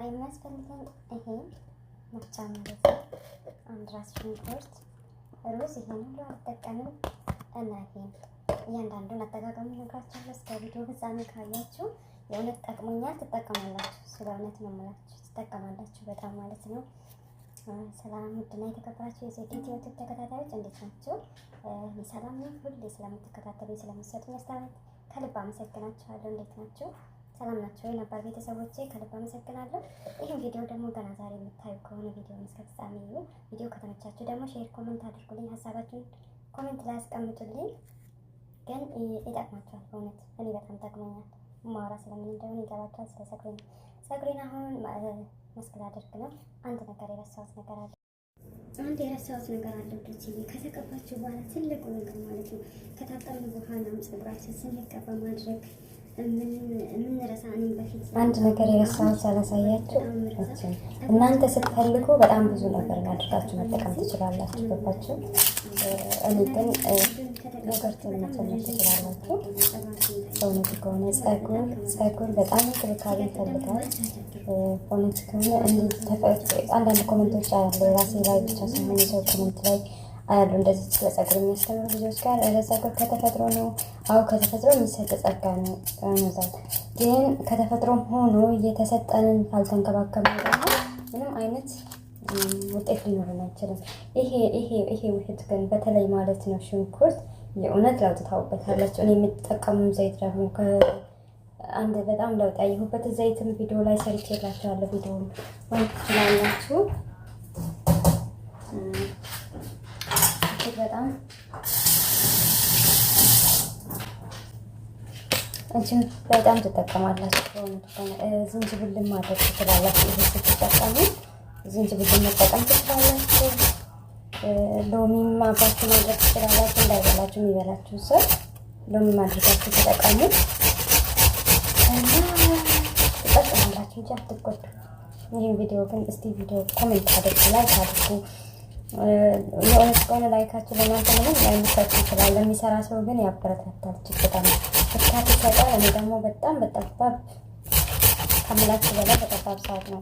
ዛሬ የሚያስፈልገን ይሄ መፍጫ ማለት ነው። አንድ ራስ ሽንኩርት፣ ሩዝ ይሄን ሁሉ አልጠቀምም እና ይሄን እያንዳንዱን አጠቃቀሙ ነግራችኋለሁ። እስከ ቪዲዮ ፍጻሜ ካያችሁ የእውነት ጠቅሞኛል ትጠቀማላችሁ። ስለ እውነት ነው የምላችሁ ትጠቀማላችሁ በጣም ማለት ነው። ሰላም ውድና የተከበራችሁ የሴቲት የዩቱብ ተከታታዮች እንዴት ናቸው? ሰላም ነው። ሁሌ ስለምትከታተሉ ስለምትሰጡኝ አስተያየት ከልብ አመሰግናችኋለሁ። እንዴት ናቸው? ሰላም ናቸው ወይ ቤተሰቦቼ፣ ከልብ አመሰግናለሁ። ይህም ቪዲዮ ደግሞ ገና ዛሬ የምታዩ ከሆነ ቪዲዮ እስከ ፍጻሜ እዩ። ቪዲዮ ከተመቻችሁ ደግሞ ሼር፣ ኮሜንት አድርጉልኝ። ሀሳባችሁን ኮሜንት ላይ አስቀምጡልኝ። ግን ይጠቅማቸዋል። በእውነት እኔ በጣም ጠቅመኛል። ማውራ ስለምን እንደሆነ ይገባቸዋል። ስለ ፀጉሬ ነው። ጸጉሬን አሁን መስክል አድርግ ነው። አንድ ነገር የረሳሁት ነገር አለ። አንድ የረሳሁት ነገር አለ ብዬ ከተቀባችሁ በኋላ ትልቁ ነገር ማለት ነው ከታጠብን በኋላም ፀጉራችን ስንቀባ ማድረግ ምን አንድ ነገር የረሳሁት ሳላሳያችሁ፣ እናንተ ስትፈልጉ በጣም ብዙ ነገር አድርጋችሁ መጠቀም ትችላላችሁ። ገባችሁ? እኔ ግን ዮገርትን መጨመር ትችላላችሁ። በእውነት ከሆነ ጸጉር ጸጉር በጣም እንክብካቤ ይፈልጋል። በእውነት ከሆነ አንዳንድ ኮመንቶች አያለሁ ራሴ ላይ ብቻ ሳይሆን ሰው ኮመንት ላይ አሉ እንደዚህ በጸጉር የሚያስተምሩ ልጆች ጋር ለጸጉር ከተፈጥሮ ነው። አዎ ከተፈጥሮ የሚሰጥ ጸጋ ነው። ነዛት ግን ከተፈጥሮም ሆኖ እየተሰጠንን ካልተንከባከብን ደግሞ ምንም አይነት ውጤት ሊኖረን አይችልም። ይሄ ይሄ ይሄ ውህድ ግን በተለይ ማለት ነው ሽንኩርት የእውነት ለውጥ ታውበታላችሁ። እኔ የምጠቀሙም ዘይት ደግሞ አንድ በጣም ለውጥ ያየሁበት ዘይትም ቪዲዮ ላይ ሰርቼላችኋለሁ። ቪዲዮ ማለት ትችላላችሁ። በጣም እንትን በጣም ትጠቀማላችሁ። ዝንጅብል ማድረግ ትችላላችሁ። ይህ ስትጠቀሙ ዝንጅብል መጠቀም ትችላላችሁ። ሎሚ አብራችሁ ማድረግ ትችላላችሁ። እንዳይበላችሁ የሚበላችሁ ሰው ሎሚ ማድረጋችሁ ተጠቀሙ እና ትጠቀማላችሁ እንጂ አትጎዱ። ይህን ቪዲዮ ግን እስቲ ቪዲዮ ኮሜንት አድርጉ፣ ላይክ አድርጉ። የእውነት ከሆነ ላይካችሁ ለእናንተ ምንም ላይሰጥ ይችላል። ለሚሰራ ሰው ግን ያበረታታል። እጅግ እርካት ይሰጣል። እኔ ደግሞ በጣም በጠባብ ከምላችሁ በላይ በጠባብ ሰዓት ነው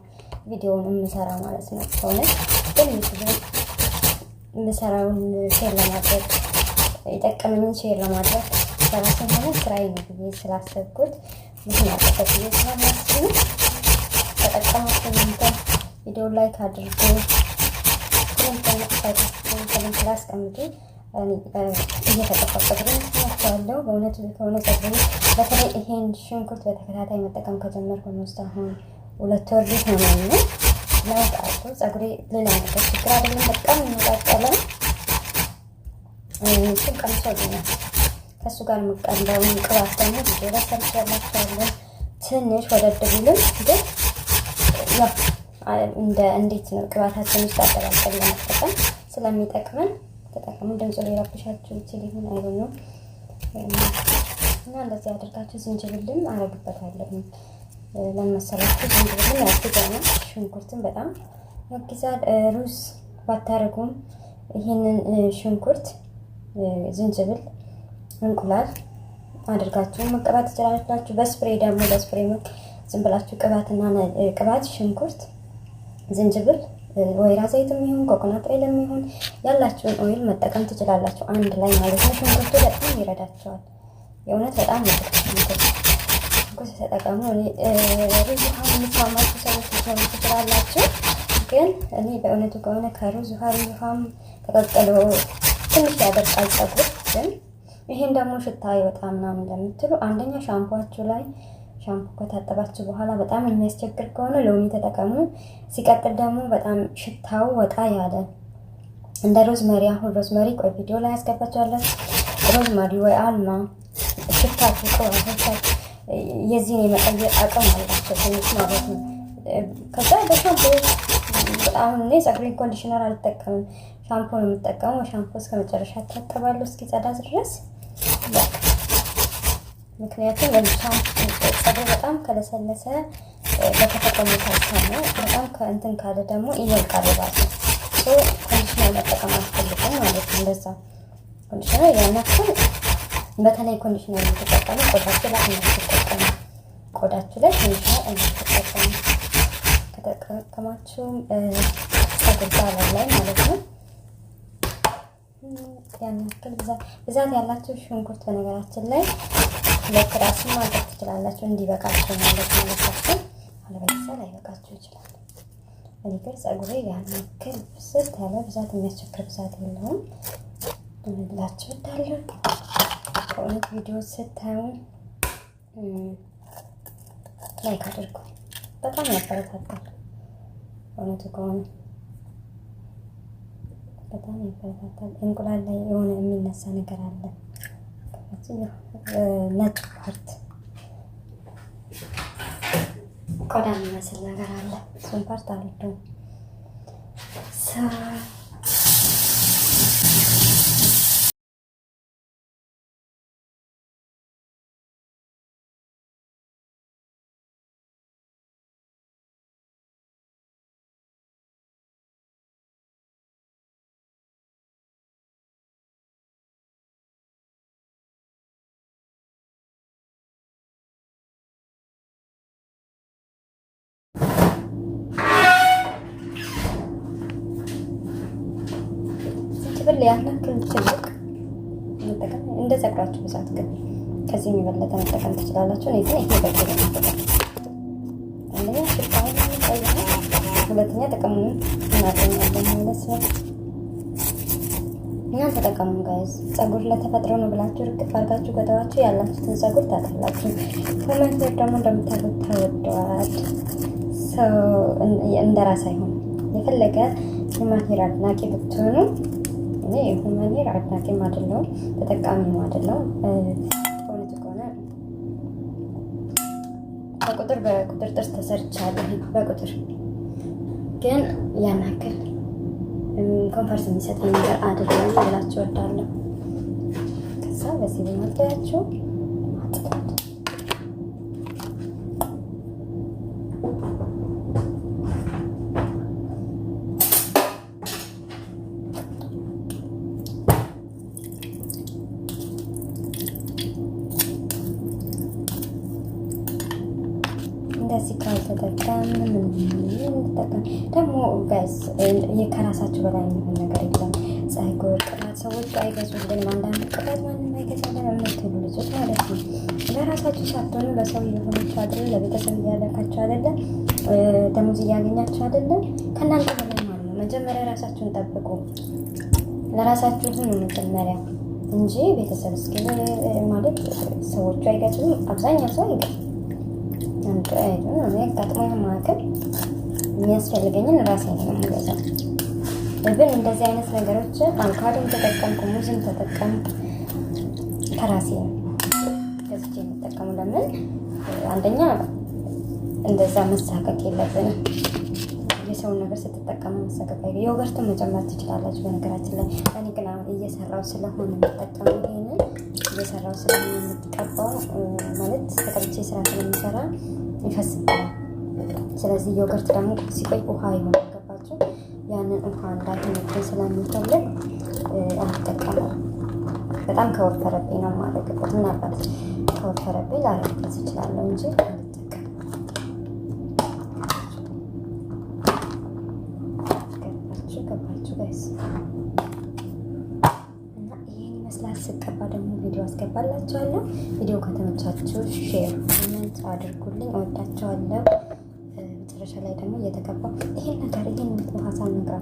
ቪዲዮውን የምሰራ ማለት ነው። ከእውነት ግን ዩቱብን የምሰራውን ሼር ለማድረግ የጠቀመኝን ሼር ለማድረግ ሰራትን ሆነ ስራዬ ነው ብዬ ስላሰብኩት ምክንያጠበት ዬ ስለማስችሉ ተጠቀማችሁ ቪዲዮ ላይክ አድርጎ ከለንከላ አስቀምጬ እየተጠፋ በእውነት ከሆነ ፀጉሬ በተለይ ይሄን ሽንኩርት በተከታታይ መጠቀም ከጀመርኩ ውስጥ አሁን ሁለት ወር ሆነኝ ለውጥ አቶ ፀጉሬ ሌላ ነገር ችግር አይደለም። በጣም የሚመጣጠለ ስም ቀምሶልኛል። ከእሱ ጋር የምቀንበውን ቅባት ደግሞ ጊዜ ላይ ሰርቻላቸዋለሁ። ትንሽ ወደድ ቢልም ግን ያው እንደ እንዴት ነው ቅባታችን ውስጥ አጠቃቀል ለመጠቀም ስለሚጠቅመን ተጠቀሙ። ድምፁ ሊረብሻችሁ ይችል ይሁን አይሆንም እና እንደዚህ አድርጋችሁ ዝንጅብልን አረግበታለሁ። ለመሰላችሁ ዝንጅብልን ያስገኛ ሽንኩርትን በጣም ያግዛል። ሩዝ ባታረጉም ይህንን ሽንኩርት፣ ዝንጅብል፣ እንቁላል አድርጋችሁ መቀባት ትችላላችሁ። በስፕሬ ደግሞ በስፕሬ ዝም ብላችሁ ቅባትና ቅባት ሽንኩርት ዝንጅብል፣ ወይራ ዘይት የሚሆን ኮኮናት ኦይል የሚሆን ያላችሁን ኦይል መጠቀም ትችላላችሁ። አንድ ላይ ማለት ነው። ሽንኩርቱ በጣም ይረዳቸዋል። የእውነት በጣም ሽንኩርት ተጠቀሙ። ሩዝ ውሃ የሚስማማችሁ ሰዎች ሊሰሩ ትችላላችሁ። ግን እኔ በእውነቱ ከሆነ ከሩዝ ውሃ ሩዝ ውሃም ተቀቅሎ ትንሽ ያደርቃል ፀጉር። ግን ይሄን ደግሞ ሽታ ይወጣ ምናምን ለምትሉ አንደኛ ሻምፖችሁ ላይ ሻምፑ ከታጠባችሁ በኋላ በጣም የሚያስቸግር ከሆነ ሎሚ ተጠቀሙ። ሲቀጥል ደግሞ በጣም ሽታው ወጣ ያለ እንደ ሮዝመሪ፣ አሁን ሮዝመሪ ቆይ ቪዲዮ ላይ ያስገባችኋለሁ። ሮዝመሪ ወይ አልማ ሽታ ቆራቶቻ የዚህን የመቀየር አቅም አላቸው ትንሽ ማለት ነው። ከዛ በሻምፖ አሁን እኔ ፀጉሬን ኮንዲሽነር አልጠቀምም፣ ሻምፖ ነው የምጠቀመው። ሻምፖ እስከ መጨረሻ ታጠባለሁ እስኪጸዳ ድረስ ምክንያቱም ሪሻ ፀጉር በጣም ከለሰለሰ በተፈጥሮ ታሳነ በጣም ከእንትን ካለ ደግሞ ይወልቃል ባለ ኮንዲሽነር መጠቀም አስፈልግም ማለት ነው። እንደዛ ኮንዲሽነር ያናክል በተለይ ኮንዲሽነር የምትጠቀሙ ቆዳችሁ ላይ እንዳትጠቀሙ፣ ቆዳችሁ ላይ ኮንዲሽነር እንዳትጠቀሙ ከተጠቀማችሁም ፀጉር ባለው ላይ ማለት ነው። ያን ያክል ብዛት ያላቸው ሽንኩርት በነገራችን ላይ ሁለት ራሱ ማድረግ ትችላላችሁ። እንዲበቃቸው ማለት ማለታችሁ አለበለዚያ ላይበቃችሁ ይችላል። እኔ ግን ጸጉሬ ያን ያክል ብስት ያለ ብዛት የሚያስቸግር ብዛት የለውም ብላችሁ እዳለሁ። ከእውነት ቪዲዮ ስታዩ ላይክ አድርጉ። በጣም ያበረታታል። እውነቱ ከሆነ በጣም ያበረታታል። እንቁላል ላይ የሆነ የሚነሳ ነገር አለ ነጭ ፓርት ቆዳ የሚመስል ነገር አለ። እሱን ፓርት አልወደውም። ያህል ትልቅ መጠቀም እንደ ፀጉራችሁ ብዛት ግን ከዚህ የሚበለጠ መጠቀም ትችላላችሁ። እኔ ግን ይሄ በቂ ነው። አንደኛ ሽታውን ሁለተኛ ጥቅሙን እናገኛለን ማለት ነው። እና ተጠቀሙ ጋይዝ። ፀጉር ለተፈጥሮ ነው ብላችሁ ርቅ አድርጋችሁ ገጠዋችሁ ያላችሁትን ፀጉር ታጣላችሁ። ኮመንተር ደግሞ እንደምታሉት ተወደዋል። ሰው እንደ የፈለገ የማቴሪያል ናቂ ብትሆኑ እኔ ሁመኔር አድናቂም አይደለሁም ተጠቃሚም አይደለሁም። እውነቱ ከሆነ በቁጥር በቁጥር ጥርስ ተሰርቻለሁ። በቁጥር ግን ያን ያክል ኮንፈርስ የሚሰጥ ነገር አይደለም ብላችሁ እወዳለሁ። ከዛ በዚህ በመልጠያችሁ ከምላችሁ በላይ የሚሆን ነገር የለም። ፀጉር ቅላት ሰዎቹ አይገዙልን። አንዳንድ ቅላት ማንም አይገዛለን የምትሉ ልጆች ማለት ነው። ለራሳችሁ ሳትሆኑ በሰው እየሆናችሁ አይደለ? ለቤተሰብ እያለካቸው አይደለ? ደሞዝ እያገኛቸው አይደለ? ከእናንተ በላይ ማለት ነው። መጀመሪያ ራሳችሁን ጠብቁ። ለራሳችሁ ሁኑ መጀመሪያ እንጂ ቤተሰብ እስኪ ማለት ሰዎቹ አይገዙም። አብዛኛው ሰው አይገዙም። አንዱ ያጋጥሞ ማዕከል የሚያስፈልገኝን ራሴ ነው የሚገዛው። ግን እንደዚህ አይነት ነገሮች አቮካዶም ተጠቀምኩ፣ ሙዝም ተጠቀምኩ። ከራሴ ነው ገዝቼ የምጠቀሙ። ለምን አንደኛ እንደዛ መሳቀቅ የለብን። የሰውን ነገር ስትጠቀሙ መሳቀቅ ይ የወገርትን መጨመር ትችላላችሁ። በነገራችን ላይ እኔ ግን አሁን እየሰራው ስለሆነ የምጠቀሙ ይሄንን እየሰራው ስለሆነ የምትቀባው ማለት ተቀብቼ ስራ ስለሚሰራ ይፈስባል። ስለዚህ የወገርት ደግሞ ሲቆይ ውሃ ይሆናል። ያንን ውሃ እንዳይሆንብን ስለሚፈልግ አልጠቀመው። በጣም ከወፈረብኝ ነው የማደርግበት። ምናልባት ከወፈረብኝ ላረግበት ይችላለሁ እንጂ ስቀባ ደግሞ ቪዲዮ አስገባላችኋለሁ። ቪዲዮ ከተመቻችሁ ሼር፣ ኮመንት አድርጉልኝ። እወዳችኋለሁ። መጨረሻ ላይ ደግሞ እየተገባ ይሄን ነገር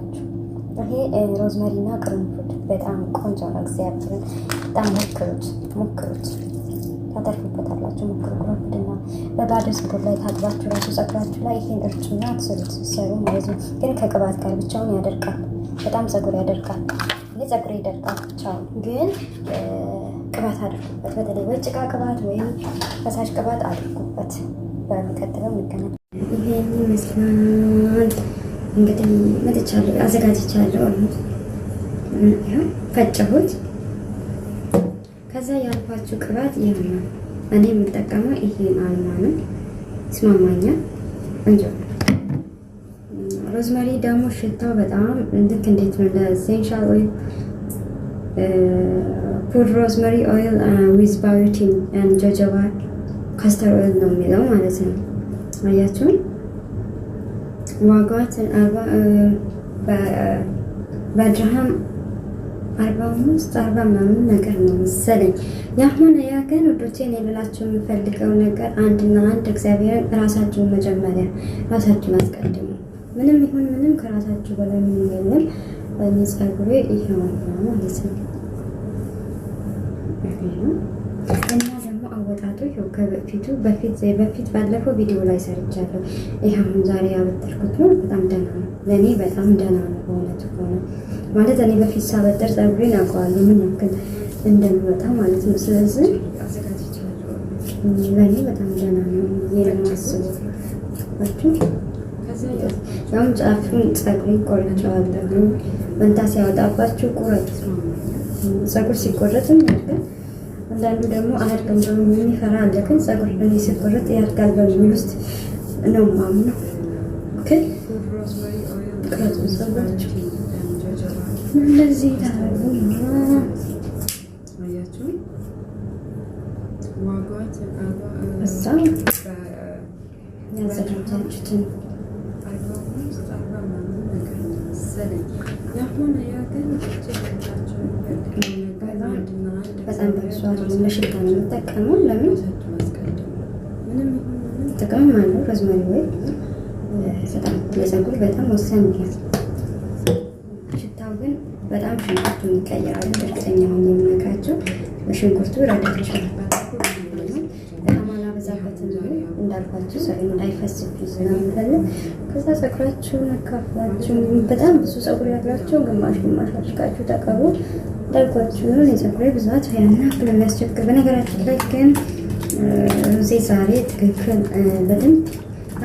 ልንገራችሁ። ይሄ ሮዝመሪና ቅርንፉድ በጣም ቆንጆ ነው። እግዚአብሔርን በጣም ሞክሩት፣ ሞክሩት፣ ታተርፉበታላችሁ። ሞክሩ ቅርንፉድና በባዶ ፀጉር ላይ ታጥባችሁ ራሱ ፀጉራችሁ ላይ ይሄን እርጩና ትስሩት። ሲሰሩ ማለት ነው። ግን ከቅባት ጋር ብቻውን ያደርቃል። በጣም ፀጉር ያደርቃል። እኔ ፀጉር ይደርቃል ብቻውን ግን ቅባት አድርጉበት። በተለይ ወይ ጭቃ ቅባት ወይም ፈሳሽ ቅባት አድርጉበት። በሚቀጥለው ይገናል። ይሄን ይመስላል። እንግዲህ መጥቻለሁ፣ አዘጋጅቻለሁ። ፈጨሁት። ከዛ ያልኳችሁ ቅባት ይሄ ነው። እኔ የምጠቀመው ይሄ አልማ ነው፣ ይስማማኛል። እንጆ ሮዝመሪ ደግሞ ሽታው በጣም ልክ እንዴት ነው ለሴንሻል ኦይል ፑድ ሮዝመሪ ኦይል ዊዝ ጆጆባ ካስተር ኦይል ነው የሚለው ማለት ነው። አያችሁን? ዋጋትን በድርሃም አርባ አምስት አርባ ምናምን ነገር ነው መሰለኝ። የአሁን ያ ግን ውዶቼ እኔ ልላችሁ የምፈልገው ነገር አንድና አንድ እግዚአብሔርን ራሳችሁን መጀመሪያ ራሳችሁን አስቀድሙ። ምንም ይሁን ምንም ከራሳችሁ በላይ ምን የለም። እኔ ጸጉሬ ይሄ ማለት ነው መውጣቱ ይኸው ከበፊቱ በፊት በፊት ባለፈው ቪዲዮ ላይ ሰርቻለሁ። ይህ አሁን ዛሬ ያበጠርኩት ነው። በጣም ደህና ነው፣ ለእኔ በጣም ደህና ነው። በእውነቱ ከሆነ ማለት እኔ በፊት ሳበጠር ጸጉሬን አውቀዋለሁ ምን ያክል እንደሚወጣ ማለት ነው። ስለዚህ ለእኔ በጣም ደህና ነው የማስበው ባችሁ ያውም ጫፉን ጸጉሬን ቆርጬዋለሁ። መንታ ሲያወጣባችሁ ቁረጥ። ጸጉር ሲቆረጥም ያድጋል አንዳንዱ ደግሞ አያድግም ብሎ የሚፈራ አለ። ግን ጸጉር በዚህ ስብርት ያድጋል በሚል ውስጥ ነው ማምነው። ግን ሰዎች እንደዚህ ታረጉ እዛ ያዘጋጃችሁትን የምንጠቀመው ለምን ጥቅም አለው። ሮዝመሪ ወይ ለፀጉር በጣም ወሳኝ ነው። ሽታው ግን በጣም ሽንኩርቱ ይቀይራል። እርግጠኛ ሆኜ የምነግራቸው በሽንኩርቱ ረዳቶች እንዳልኳችሁ ሰው ስለምፈልግ ከዛ ፀጉራችሁን አካፍላችሁ በጣም ብዙ ፀጉር ያላቸው ግማሽ ግማሽ አድርጋችሁ ተቀቡ። ጠይቋችሁ የፀጉሬ ብዛት ያን ያክል የሚያስቸግር በነገራችን ላይ ግን ዜ ዛሬ ትክክል በደንብ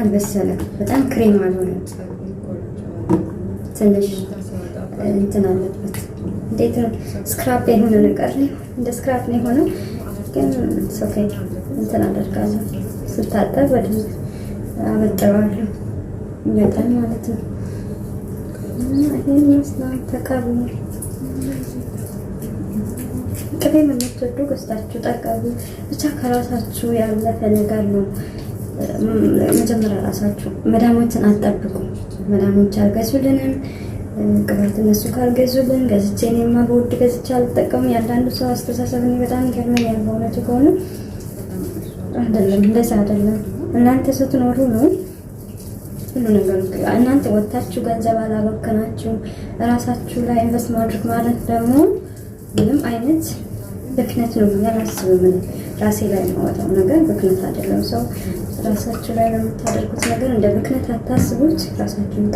አልበሰለም። በጣም ክሬም አልሆነ፣ ትንሽ እንትን አለበት። እንዴት ስክራፕ የሆነ ነገር እንደ ስክራፕ ነው የሆነው። ግን እንትን አደርጋለሁ። ስታጠብ በደንብ አበጥረዋለሁ፣ ማለት ነው። ይህን ይመስላል ቅቤም የምትወዱ ገዝታችሁ ጠቀሙ። ብቻ ከራሳችሁ ያለፈ ነገር ነው። መጀመሪያ ራሳችሁ መዳሞችን አጠብቁ። መዳሞች አልገዙልንም ቅባት እነሱ ካልገዙልን ገዝቼ እኔማ በውድ ገዝቼ አልጠቀሙ። ያንዳንዱ ሰው አስተሳሰብ እኔ በጣም ይገርመኛል። በእውነቱ ከሆነ አይደለም፣ እንደዛ አይደለም። እናንተ ስትኖሩ ነው ሁሉ ነገር እናንተ ወጥታችሁ ገንዘብ አላበከናችሁ እራሳችሁ ላይ ኢንቨስት ማድረግ ማለት ደግሞ ምንም አይነት ብክነት ነው ብዬ አላስብም። ራሴ ላይ የማወጣው ነገር ብክነት አይደለም። ሰው ራሳችሁ ላይ የምታደርጉት ነገር እንደ ብክነት አታስቡት። ራሳችሁን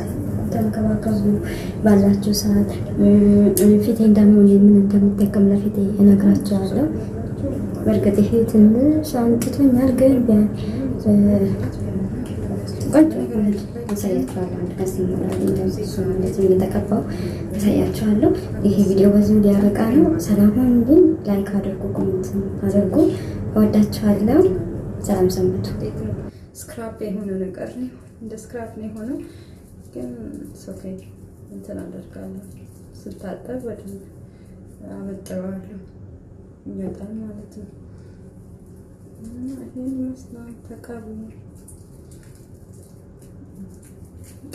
ተንከባከቡ። ባላችሁ ሰዓት ፊቴ እንደሚሆን ምን እንደምጠቀም ለፊቴ እነግራቸዋለሁ። በእርግጥ ይሄ ትንሽ አንጥቶኛል፣ ግን ቆንጆ ያሳያቸዋለሁ። አንድ ቀን ሲሞላል እንደዚህ እየተቀባው አሳያችኋለሁ። ይሄ ቪዲዮ በዚሁ ሊያበቃ ነው። ሰላም ግን ላይክ አድርጉ፣ ኮሜንት አድርጉ። እወዳችኋለሁ። ሰላም ሰንብቱ። ስክራፕ የሆነ ነገር ነው፣ እንደ ስክራፕ ነው የሆነው። ግን ሶኬ እንትን አደርጋለሁ፣ ስታጠብ ወደ አበጥረዋለሁ፣ ይወጣል ማለት ነው። ይህን ይመስላል ተቀቡ።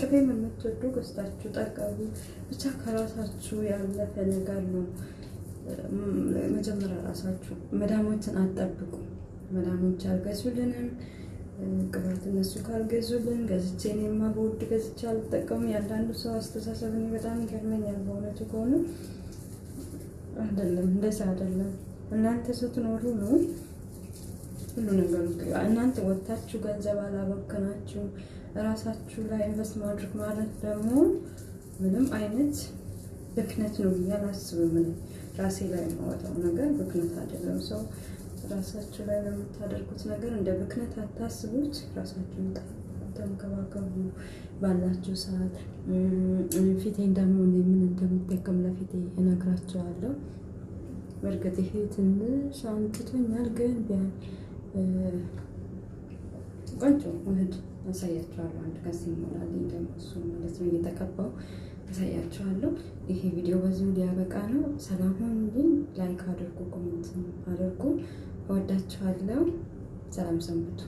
ቅቤ የምትወዱ ገዝታችሁ ተቀቡ። ብቻ ከራሳችሁ ያለፈ ነገር ነው። መጀመሪያ ራሳችሁ መዳሞችን አጠብቁ። መዳሞች አልገዙልንም ቅባት እነሱ ካልገዙልን ገዝቼ እኔማ በውድ ገዝቼ አልጠቀሙ። ያንዳንዱ ሰው አስተሳሰብ እኔ በጣም ይገርመኛል። በእውነቱ ከሆኑ አይደለም፣ እንደዛ አይደለም። እናንተ ስትኖሩ ነው ሁሉ ነገሩ። እናንተ ወታችሁ ገንዘብ አላበከናችሁ እራሳችሁ ላይ ኢንቨስት ማድረግ ማለት ደግሞ ምንም አይነት ብክነት ነው ብዬ አላስብም። እኔ ራሴ ላይ የማወጣው ነገር ብክነት አይደለም። ሰው ራሳችሁ ላይ የምታደርጉት ነገር እንደ ብክነት አታስቡት። ራሳችሁን ተንከባከቡ። ባላችሁ ሰዓት ፊቴን ደግሞ ምን እንደምጠቀም ለፊቴ እነግራቸዋለሁ። በእርግጥ ይሄ ትንሽ አንጥቶኛል፣ ግን ቢያን ቆንጆ ውህድ አሳያቸዋለሁ። አንድ ከዚህ ይሞላል እንደሱ ማለት ነው እየተቀባው አሳያችኋለሁ። ይሄ ቪዲዮ በዚሁ ሊያበቃ ነው። ሰላም ሁኑልኝ። ላይክ አድርጉ፣ ኮሜንት አድርጉ። እወዳችኋለሁ። ሰላም ሰንብቱ።